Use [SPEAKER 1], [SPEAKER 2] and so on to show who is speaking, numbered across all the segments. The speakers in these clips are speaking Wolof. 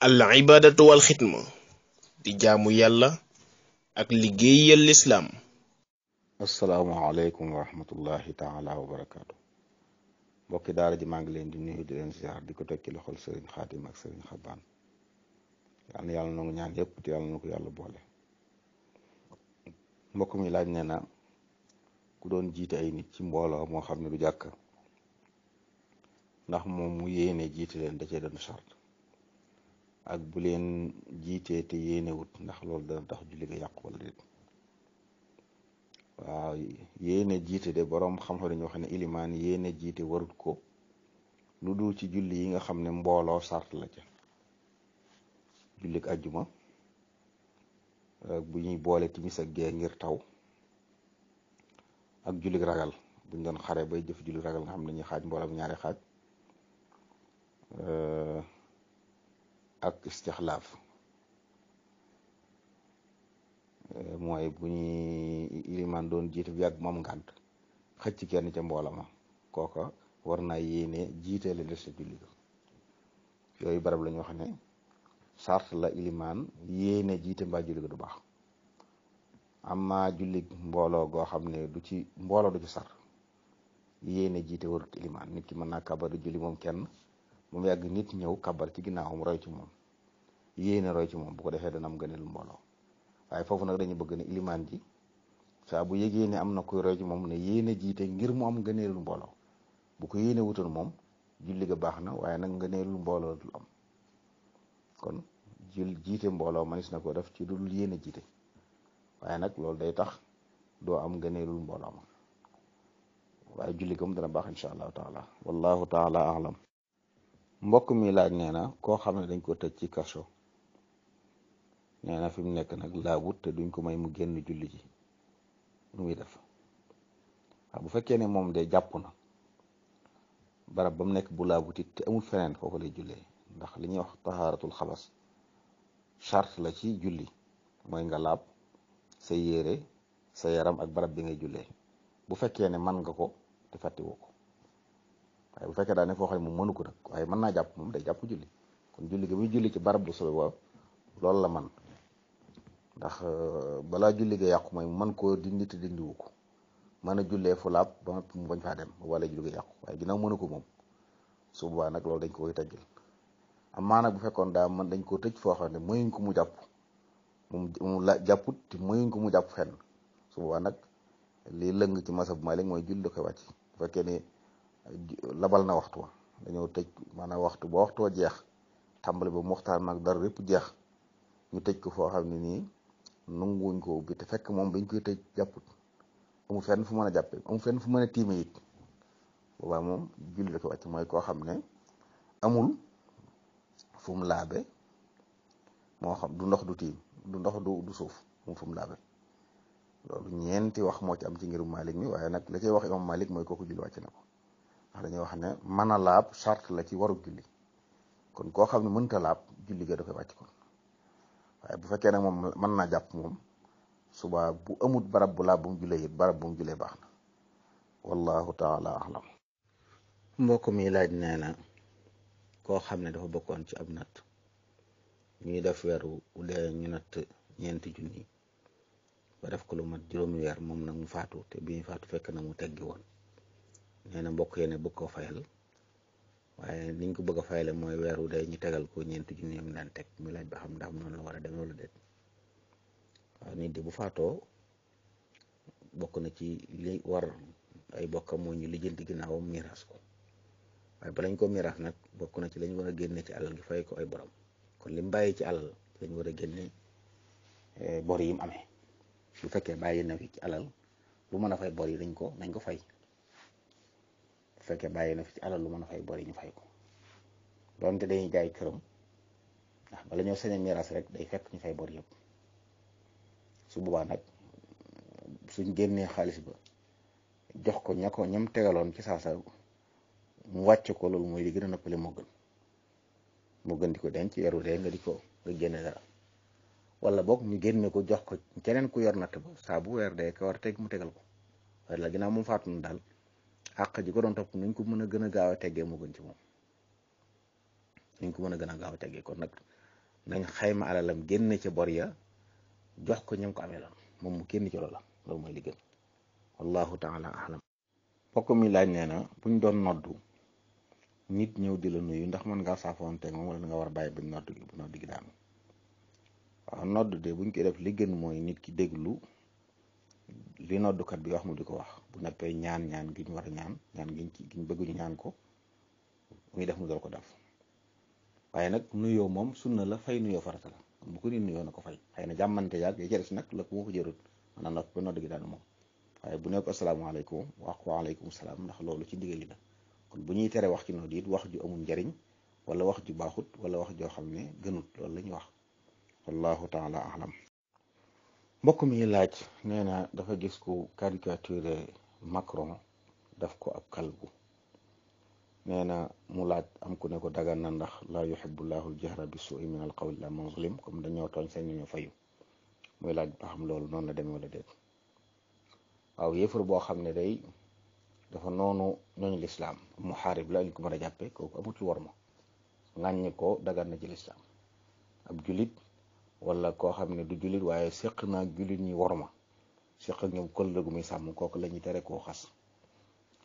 [SPEAKER 1] al ibadatu wal xidma di jaamu yàlla ak liggéey liggéeyal lislaam asalaamaaleykum wa rahmatullahi taala wa barakaatu mbokki daara ji maa ngi leen di nuyu di leen ziar diko ko teg ci loxol sëriñ xaatim ak sëriñ na yàlla nangu ñaan yépp te yàlla na ko yàlla boole mbokk mi laaj nee na ku doon jiit ay nit ci mbooloo moo xam ne du jàkk ndax moom mu yéene jiit leen da cee doon sart ak bu leen jiitee te yéenewut ndax loolu dana tax julli a yàqu wala déet waaw yéene jiite de borom xam-xam dañu wax ne ilimaan yéene jiite warut ko lu dul ci julli yi nga xam ne mbooloo sart la julik jullik ajjuma bu ñuy boole timis ak gee taw ak jullik ragal buñ doon xare bay jëf jullik ragal nga xam ne dañuy xaaj mboolam ñaari xaaj ak istixlaaf eh, mooy bu ñu ilimaan doon jiite bi yàgg moom ngànt xëcc kenn ca mbooloo ma kooka war naa yéene jiite la des sa julli yooyu barab la ñu wax ilimaan yéene jiite mbaa julli du baax amma julli mbooloo goo xam ne du ci mbooloo du ci sar yéene jiite warut ilimaan nit ki mën naa kabaru julli moom kenn ba mu yàgg nit ñëw kabar ci ginnaawam roy ci moom yéene roy moom bu ko defee dana am gëneel mbooloo waaye foofu nag dañu bëgg ne ilimaan ji saa bu yëgee ne am na kuy roy ci moom ne yéene jiite ngir mu am gëneelu mbooloo bu ko yéene wutoon moom julli ga baax na waaye nag lu mbooloo dul am kon jul jiite mbooloo manis na ko def ci dul yéene jiite waaye nag loolu day tax doo am gëneelul mbooloo ma waaye julli gam dana baax incha allahu taala taala alam mbokk mi laaj nee na koo xam ne dañ ko tëj ci kaso nee na fi mu nekk nag laabut te duñ ko may mu génn julli ji lu muy def waaw bu fekkee ne moom de jàpp na barab ba mu nekk bu laabut te amul feneen foofu lay jullee ndax li ñuy wax taxaaratul xabas charte la ci julli mooy nga laab sa yére sa yaram ak barab bi ngay jullee bu fekkee ne man nga ko te fàttiwoo waaye bu fekkee daa ne foo xam ne moom mënu ko nag waaye mën naa jàpp moom day jàpp julli kon julli gi muy julli ci barab bu sobe waaw loolu la man ndax euh, balaa julli ga yàqu man ko koo dindi te dindiwu ko man a jullee fu laab ba mu bañ faa dem wala julli ga yàqu waaye ginnaaw mënu ko moom su boobaa nag loolu dañ ko koy tëjjal amaa nag bu fekkoon daa man dañ koo tëj foo xam ne mayuñ ko mu jàpp moom moom la jàpput mayuñ ko mu jàpp fenn su boobaa nag lii lëng ci masab Maalik mooy julli da koy wàcc bu fekkee labal na waxtu wa dañoo tëj maanaam waxtu ba waxtu wa jeex tàmbali ba muxtaar nag dara lépp jeex ñu tëj ko foo xam ni nii nanguwuñ ko ubbi fekk moom biñ koy tëj jàpput amu fu mën a jàppe amu fenn fu mën a tiime it boobaa moom ko wàcc mooy koo xam ne amul fu mu laabe moo xam du ndox du tiim du ndox du du suuf mu fu mu laabe loolu ñeenti wax moo ci am ci ngirum Malik mi waaye nag la cay wax imam Malik mooy kooku julli wàcc na ko ndax dañuy wax ne mën a laab charte la ci waru julli kon koo xam ne mënta laab julli ga da koy wàcc kon waaye bu fekkee nag moom mën naa jàpp moom suba bu amut barab bu laab bu mu jullee it barab bu mu baax na wallahu taala alam mbokk mi laaj nee na koo xam ne dafa bokkoon ci ab natt ñuy def weeru ulee ñu nat ñeenti junni ba def ko lu mat juróomi weer moom nag mu faatu te bi faatu fekk na mu teggi woon nee na mbokk yene bokk koo fayal waaye niñ ko bëgg a fayale mooy weeru wu day ñu tegal ko ñeenti junni yam daan teg muy laaj ba xam ndax noonu na war a demee wala déet waaw nit di bu faatoo bokk na ci li war ay bokkam moo ñu lijjanti ginnaawam miiras ko waaye balañ ko miiras nag bokk na ci lañ war a génne ci alal gi fay ko ay borom kon li mu bàyyi ci alal lañ war a génne eh, bor yi mu fekkee bàyyi na fi ci alal lu mën a fay bor yi dañ ko nañ ko fay fekkee bàyyi na fi ci alal lu mën a fay bor ñu fay ko doonte dañuy këram ndax bala ñoo sañ rek day fekk ñu fay bor yëpp su nag suñ génnee xaalis ba jox ko ña tegaloon ci saasa mu wàcc ko loolu mooy li gën a noppale moo gën di ko denc yaru ree nga di ko nga génne dara wala boog ñu génnee ko jox ko keneen ku yor nat ba saa bu weer dee ko war teg mu tegal ko waaye la ginnaaw moom faatu daal àq ji ko doon topp nuñ ko mën a gën a gaaw a teggee moo gën ci moom nuñ ko mën a gën a gaaw a teggee kon nag nañ xayma alalam génn ca bor ya jox ko ñam ko amee la moom mu kenn colo loola loolu mooy li gën wallahu taala alam bokk mi laaj nee na buñ doon noddu nit ñëw di la nuyu ndax mën ngaa saafoonteeg moom wala nga war a bàyyi buñ noddu gi bu noddu gi daanu waaw noddu de buñ koy def li gën mooy nit ki déglu li noddukat bi wax mu di ko wax bu noppee ñaan ñaan gi ñu war a ñaan ñaan giñ ci giñ bëgg ñu ñaan ko muy def mu dal ko def waaye nag nuyoo moom sunna la fay nuyoo farata la bu ko ni nuyoo na ko fay xëy na jàmmante yàgg ya ca des nag la ko moo ko jërut maanaam gi daanu moom waaye bu nekk asalaamaaleykum wax ko waaleykum salaam ndax loolu ci ndigal li la kon bu ñuy tere wax ci nodd it wax ju amul njariñ wala wax ju baaxut wala wax joo xam ne gënut loolu la ñuy wax wallahu taala alam mbokk mi laaj nee na dafa gis ku caricature Macron daf ko ab kalbu nee na mu laaj am ku ne ko dagan na ndax laa yuhibbullahu al-jahra bi su'i min al-qawli illa man zulim comme dañoo tooñ sañ ñu fayu mu laaj ba xam loolu noonu la demee wala déet waaw yëfar boo xam ne day dafa noonu ñooñu lislaam muxaarib la ñu ko mën a jàppe kooku amul ci war ma ngàññi ko daga na ci lislaam ab julit wala koo xam ne du jullit waaye séq naag jullit ñi worma séq ak ñoom këll gu muy sàmm kooku lañuy ñuy tere koo xas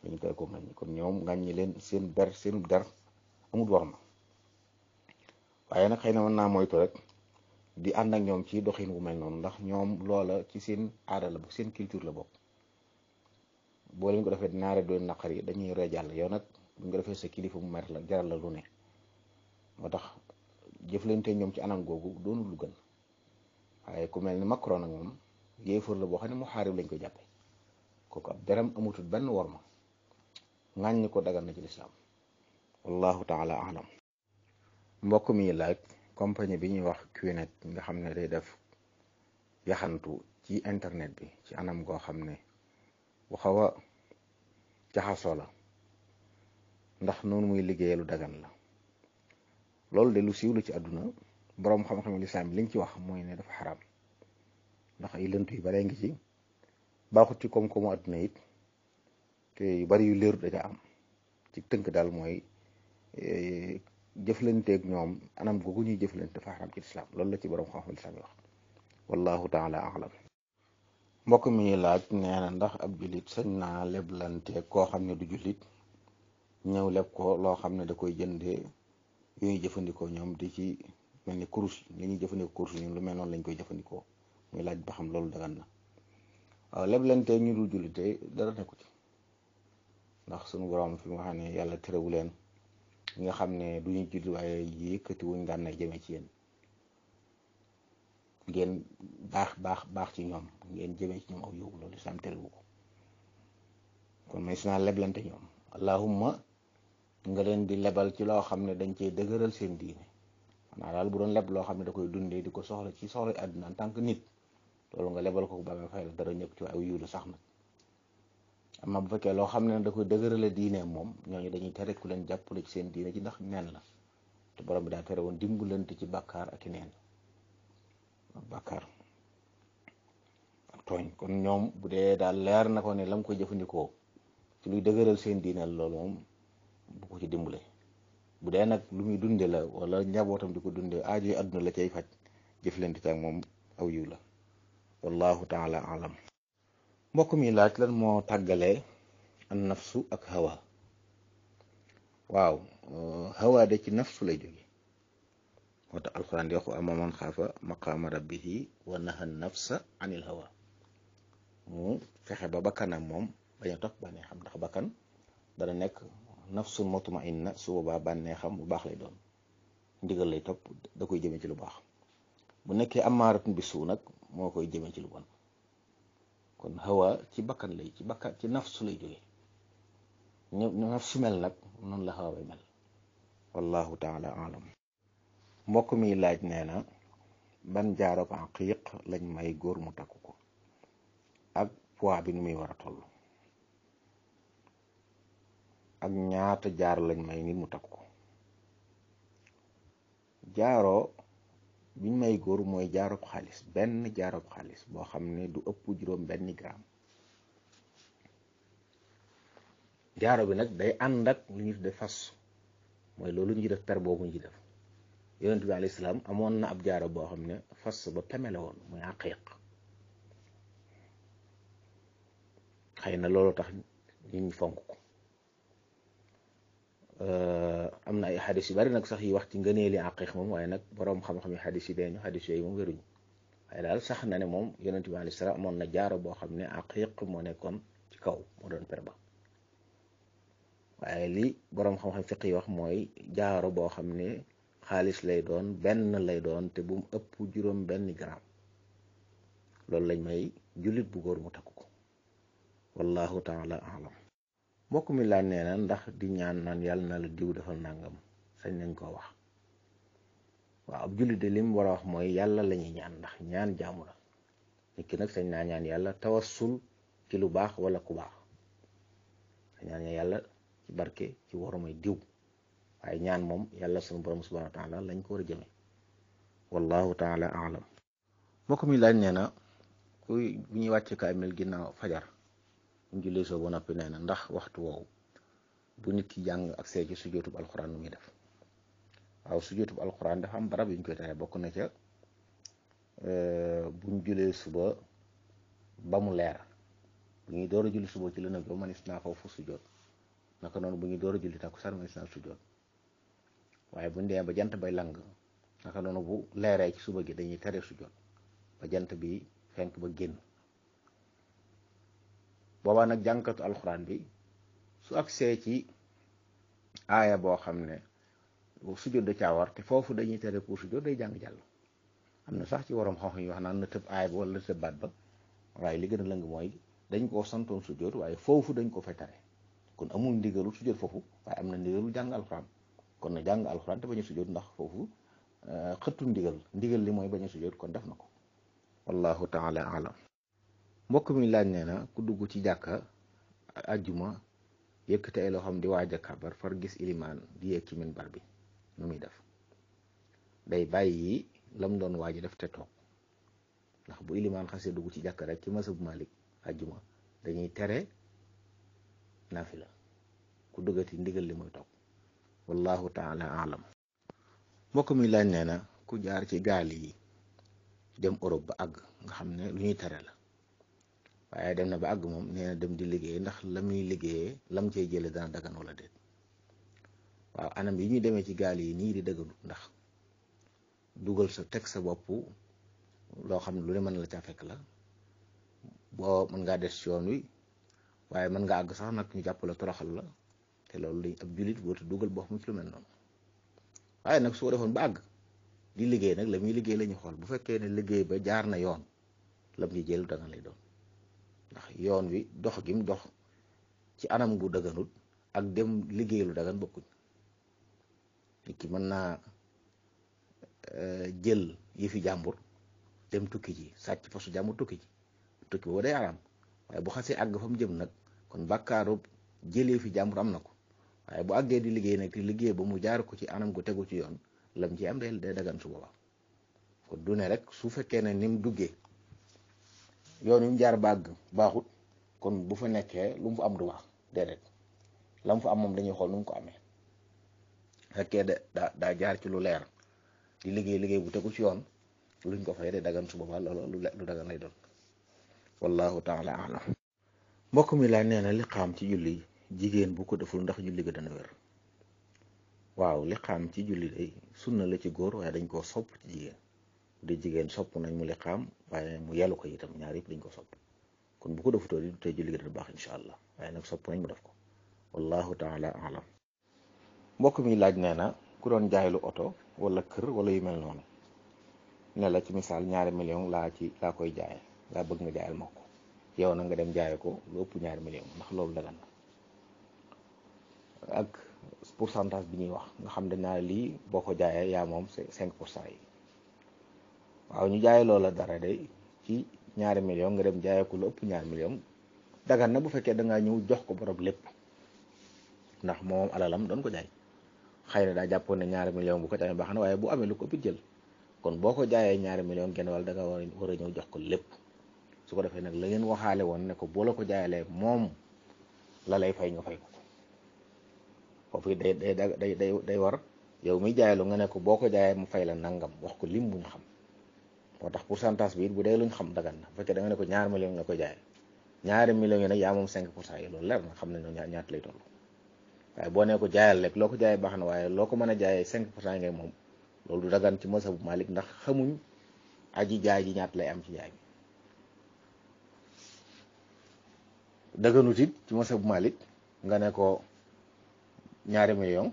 [SPEAKER 1] la ñuy tere koo ŋàññi kon ñoom ŋàññi leen seen ber seenu der amul worma waaye nag xëy na mën naa moytu rek di ànd ak ñoom ci doxin wu mel noonu ndax ñoom loola ci seen aada la bokk seen culture la bokk boo leen ko defee naare doon naqar yi dañuy rey jàll yow nag bu ko defee sa kilifa mu mer la jaral la lu ne moo tax jëflante ñoom ci anam googu doonu lu gën waaye ku mel ni Macron ak moom la boo xam ne mu xaarib lañ ko jàppe kooku ab deram amutul benn worma ŋàññi ko dagal na ci lislaam wallahu taala alam mbokk mi laaj compagnie bi ñuy wax Qnet nga xam ne day def yaxantu ci internet bi ci anam goo xam ne bu xaw a jaxasoo la ndax noonu muy liggéeyalu dagan la loolu de lu siiw la ci àdduna boroom xam-xam lislaam bi liñ ci wax mooy ne dafa xaraam ndax ay lënt yu baree ngi ci baaxut ci koom-koomu àdduna it te yu bari yu leerut daca am ci tënk daal mooy e, jëflanteeg ñoom anam googu ñuy jëflante dafa xaram ci lislaam loolu la ci borom xam-xam lislaam yi wax wallahu taala alam mbokk mi laaj nee ndax ab jullit sañ naa leblante koo xam ne du jullit ñëw leb ko loo xam ne da koy jëndee yu ñuy jëfandikoo ñoom di ci mel ni kurus li ñuy jëfandikoo kurus ñun lu mel noonu lañ koy jëfandikoo muy laaj ba xam loolu dagan na waaw leblante ñu dul jullite dara nekku ci ndax suñu borom fi nga xam ne yàlla terewu leen ñi nga xam ne du ñu julli waaye yëkkati wuñ daan nay jëmee ci yéen ngeen baax baax baax ci ñoom ngeen jëmee ci ñoom aw yóbbu loolu islam terewu ko may si naa leblante ñoom allahumma nga leen di lebal ci loo xam ne dañ cey dëgëral seen diine maanaam daal bu doon leb loo xam ne da koy dundee di ko soxla ci soxla àdduna en tant que nit loolu nga lebal ko ba nga fay la dara ñëpp ci aw yiw lu sax nag amma bu fekkee loo xam ne da koy dëgërale diine moom ñooñu dañuy tere ku leen jàppule ci seen diine ci ndax neen la te borom bi daa tere woon dimbalante ci bàkkaar ak i neen ak bàkkaar ak tooñ kon ñoom bu dee daal leer na ko ne lam koy jëfandikoo ci luy dëgëral seen diine loolu bu ko ci dimbale bu dee nag lu muy dunde la wala njabootam di ko dundee aajo yi àdduna la cay faj jëflante ak moom aw la wallahu taala alam mbokk mi laaj lan moo tàggalee an nafsu ak hawa waaw euh, hawa de ci nafsu lay jóge moo tax alxuraan di wax amma man xaafa maqaama rabbihi wa naha nafsa anil hawa mu fexe ba bakkanam moom bañ a topp xam ndax bakkan dana nekk nafsul mutmainna su boobaa banneexam xam bu baax lay doon ndigal lay topp da koy jëmee ci lu baax bu nekkee amaaratun bi suu nag moo koy jëmee ci lu bon kon hawa ci bakkan lay ci bakkan ci nafsu lay jógee ñu nafsu mel nag noonu la hawa bay mel wallahu taala alam mbokk mi laaj nee na ban jaaro ak aqiq may góor mu takku ko ak poids bi nu muy war a toll ak ñaata jaaro lañ may ngir mu takk ko jaaro biñ may góor mooy jaarab xaalis benn jaarab xaalis boo xam ne du ëpp juróom benn gramme jaaro bi nag day ànd ak lu ñu tuddee fas mooy loolu ñu def per boobu ñu def yonent bi amoon na ab jaaro boo xam ne fas ba peme woon muy aqiq xëy na loolu tax nit ñi fonk ko Eh, am na ay xadis yu bari nag sax yi wax ci ngëneeli aqiq moom waaye nag boroom xam-xam yi xadis yi deeñu xadis yooyu moom wéruñu waaye daal sax na ne moom yonent bi alayhi salaam moon na jaaro boo xam ne aqiq moo nekkoon ci kaw moo doon per ba waaye li boroom xam-xam fiq wax mooy jaaro boo xam ne xaalis lay doon benn lay doon te bu mu ëpp juróom benn gram loolu lañ may julit bu góor mu takku ko wallahu taala alam mbokk mi laaj nee na ndax di ñaan naan yàlla na la diw defal nangam sañ nañ koo wax waaw ab jullit de li war a wax mooy yàlla lañuy ñaan ndax ñaan jaamu la nit nag sañ naa ñaan yàlla tawassul ci lu baax wala ku baax sañ naa ñaan yàlla ci barke ci warumay diw waaye ñaan moom yàlla sunu borom subhanahu wa taala lañ ko war a jëme wallahu taala alam mbokk mi laaj nee na kuy bu ñuy wàcce kaamil ginnaaw fajar bu ñu jullee soo ba noppi nee na ndax waxtu woowu bu nit ki jàng ak see ci sujjootub alxuraan nu muy def waaw sujjootub alxuraan dafa am barab yu ñu koy tere bokk na ca euh, buñ ñu jullee suba ba mu leer bu ñuy door a julli suba ci lëndëm ba manis naa foofu sujjoot naka noonu bu ñuy door a julli takkusaan manis naa sujjoot waaye bu ñu demee ba jant bay lang naka noonu bu leeree ci suba gi dañuy tere sujjoot ba jant bi fenk ba génn. boobaa nag jànkatu alxuraan bi su agsee ci aaya boo xam ne sujjóot da caa war te foofu dañuy tere su sujjóot day jàng jàll am na sax ci waroom xam-xam yi wax naan na tëb aaya ba wala na tëb baat ba waaye li gën a lëng mooy dañ koo su sujjóot waaye foofu dañ koo fa kon amul su sujjóot foofu waaye am na ndigalul jàng alxuraan kon na jàng alxuraan te bañ a sujjóot ndax foofu euh, xëttu ndigal ndigal li mooy bañu a sujjóot kon def na ko wallahu taala alam mbokk mi laaj nee na ku dugg ci jàkka ajjuma yëkkati ay loxoom di waaj a kabar far gis ilimaan di yéeg ci minbar bi nu muy def day bàyyi lam doon waaj def te toog ndax bu ilimaan xasee dugg ci jàkka rek ci masab Malik ajuma dañuy tere nafila ku duggati ndigal li muy toog wallahu taala alam mbokk mi laaj nee na ku jaar ci gaal yi dem Europe ba àgg nga xam ne lu tere la waaye dem na ba àgg moom nee na dem di liggéey ndax la muy liggéeyee lam cey jële dana dagan wala déet waaw yi ñuy demee ci gaal yi nii di dëgganut ndax dugal sa teg sa bopp loo xam ne mën la caa fekk la boo mën ngaa des yoon wi waaye mën nga àgg sax nag ñu jàpp toroxal la te loolu dañ ab jullit woote dugal boo xam ci lu mel nag su defoon ba àgg di liggéey nag la muy liggéey la ñu xool bu fekkee ne liggéey ba jaar na yoon lam ñuy jël danga lay doon ndax yoon wi dox gim dox ci anam gu daganut ak dem liggéey lu dagan bokkuñ nit ki mën naa euh, jël yëfi jàmbur dem tukki ji fa posu jàmbur tukki ji tukki boobu day waaye boo xasee àgg fa mu jëm nag kon bàkkaarub jëlee fi jàmbur am na ko waaye boo àggee di liggéey nag di liggéey ba mu jaar ko ci anam gu tegu ci yoon lam ci am day day dagan su boobaa kon du rek su fekkee ne ni mu duggee yoon yu jaar bàgg baaxut kon bu fa nekkee lu mu fa am du baax déedéet la mu fa am moom dañuy xool nu ko amee fekkee da daa jaar ci lu leer di liggéey liggéey bu tegu ci yoon luñ ko fay de dagan su boobaa loolu lu dagan lay doon wallahu taala alam mbokk mi laa nee na liqaam ci julli jigéen bu ko deful ndax julli ga dana wér waaw liqaam ci julli day na la ci góor waaye dañ koo sopp ci jigéen de dee jigéen sopp nañ mu liqaam waaye mu yàllu ko itam ñaar yëpp dañ ko sopp kon bu ko defutoo di tey julli gi dana baax incha allah waaye nag sopp nañ mu def ko wallahu taala alam mbokk mi laaj nee na ku doon jaay oto wala kër wala yu mel noonu ne la ci misaal ñaari million laa ci laa koy jaaye laa bëgg na jaayal ma ko yow na nga dem jaaye ko lu ëpp ñaari million ndax loolu dagan na ak pourcentage bi ñuy wax nga xam dañ naa lii boo ko jaayee yaa moom c'est cinq pour cent waaw ñu jaay loola dara day ci ñaari million nga dem jaayee ko lu ëpp ñaari million dagan na bu fekkee da ngaa ñëw jox ko borom lépp ndax moom alalam doon ko jaay xëy na daa jàppoon ne ñaari million bu ko baax na waaye bu amee lu ko jël kon boo ko jaayee ñaari million genn wàll da nga war war a ñëw jox ko lépp su ko defee nag la ngeen waxaale woon ne ko boo ko jaayalee moom la lay fay nga fay ko foofu day day day war yow mi jaaylu nga ne boo ko jaayee mu fay la nangam wax ko lim bu xam. moo tax pourcentage bi it bu dee luñ xam dagan na bu fekkee da nga ne ko ñaar million nga ko jaay ñaari million yi nag yaa moom 5 pour cent yi loolu leer na xam nañ ñaar waaye boo ne ko jaayal rek loo ko jaayee baax na waaye loo ko mën a jaayee 5 pour cent ngay moom loolu du dagan ci mazhabu Malik ndax xamuñ aji jaay ji ñaata lay am ci jaay bi daganut it ci mazhabu nga ne ko ñaari million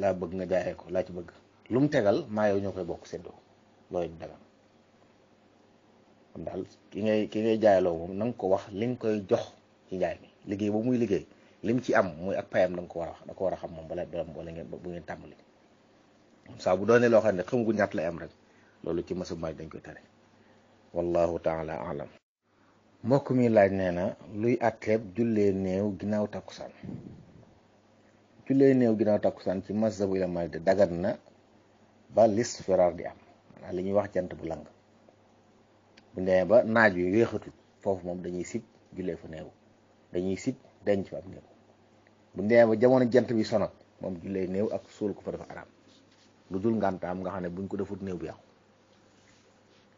[SPEAKER 1] laa bëgg nga jaayee ko laa ci bëgg lu mu tegal maa ñoo koy bokk séddoo looy dagan kon ngay ki ngay jaayloo moom ko wax li nga koy jox ci njaay mi liggéey ba muy liggéey lim ci am muy ak payam da ko war a ko war a xam moom bala bala ngeen bu ngeen tàmbali saa bu doonee loo xam ne gu ñaat lay am rek loolu ci masambaaj dañ koy tere wallahu taala alam mbokk mi laaj nee na luy atteeb jullee néew ginnaaw takkusaan jullee néew ginnaaw takkusaan ci mazhabu ila maalik dagat na ba lis firaar di am li ñuy wax jant bu lang bu nee ba naaj wi wéexatul foofu moom dañuy sib jullee fu néew dañuy sib denc fa ab néew bu nee ba jamono jant bi sonal moom jullee néew ak suul ko fa dafa araam lu dul ngàntaam nga xam ne buñ ko defut néew bu yàqu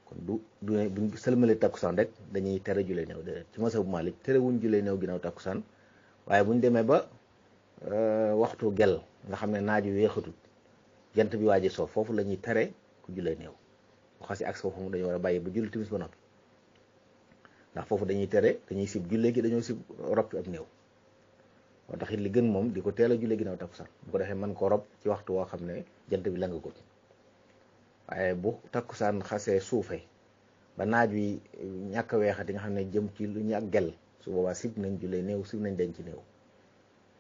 [SPEAKER 1] kon du du buñ sëlmalee takkusaan rek dañuy tere jullee néew déedéet ci ma bu Maalik tere wuñ jullee néew ginnaaw takkusaan waaye buñ demee ba euh, waxtu gel nga xam ne naaj wi wéexatul jant bi waaje soo foofu lañuy ñuy ku jullee néew bu xasi ak foofu moom dañoo war a bàyyi ba julli timis ba noppi ndax foofu dañuy tere dañuy sib jullee gi dañoo sib roppi ak néew moo tax li gën moom di ko teel a jullee ginnaaw takkusaan bu ko defee mën ko rob ci waxtu woo xam ne jant bi la nga gut waaye bu takkusaan xasee suufee ba naaj wi ñàkk a weexati nga xam ne jëm ci lu ñu ak gel su boobaa sib nañ jullee néew sib nañ ci néew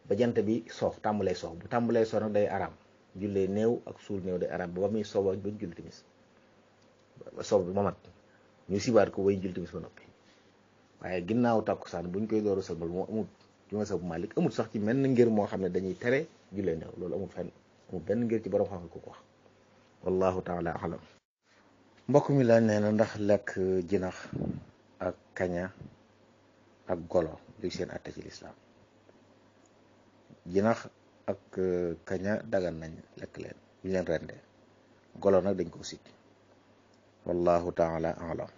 [SPEAKER 1] ba jant bi soof tàmbalee soof bu tàmbalee soof nag day jullee néew ak suul néew de arab ba muy sooba ba ñu julli timis sooba bi ma mat ñu sibaat ko way julli timis ba noppi waaye ginnaaw tàkkusaan buñ koy dooru sëlmal moo amut ci masabu Malik amut sax ci menn ngir moo xam ne dañuy tere jullee néew loolu amul fen amul benn ngir ci borom xam ko ko wax wallahu taala alam mbokk mi laaj nee na ndax lekk jinax ak kaña ak golo luy seen atte ci lislaam jinax ak euh, kaña dagan nañ lekk leen bu ñu leen rendee golo nag dañ ko sit wallahu taala alam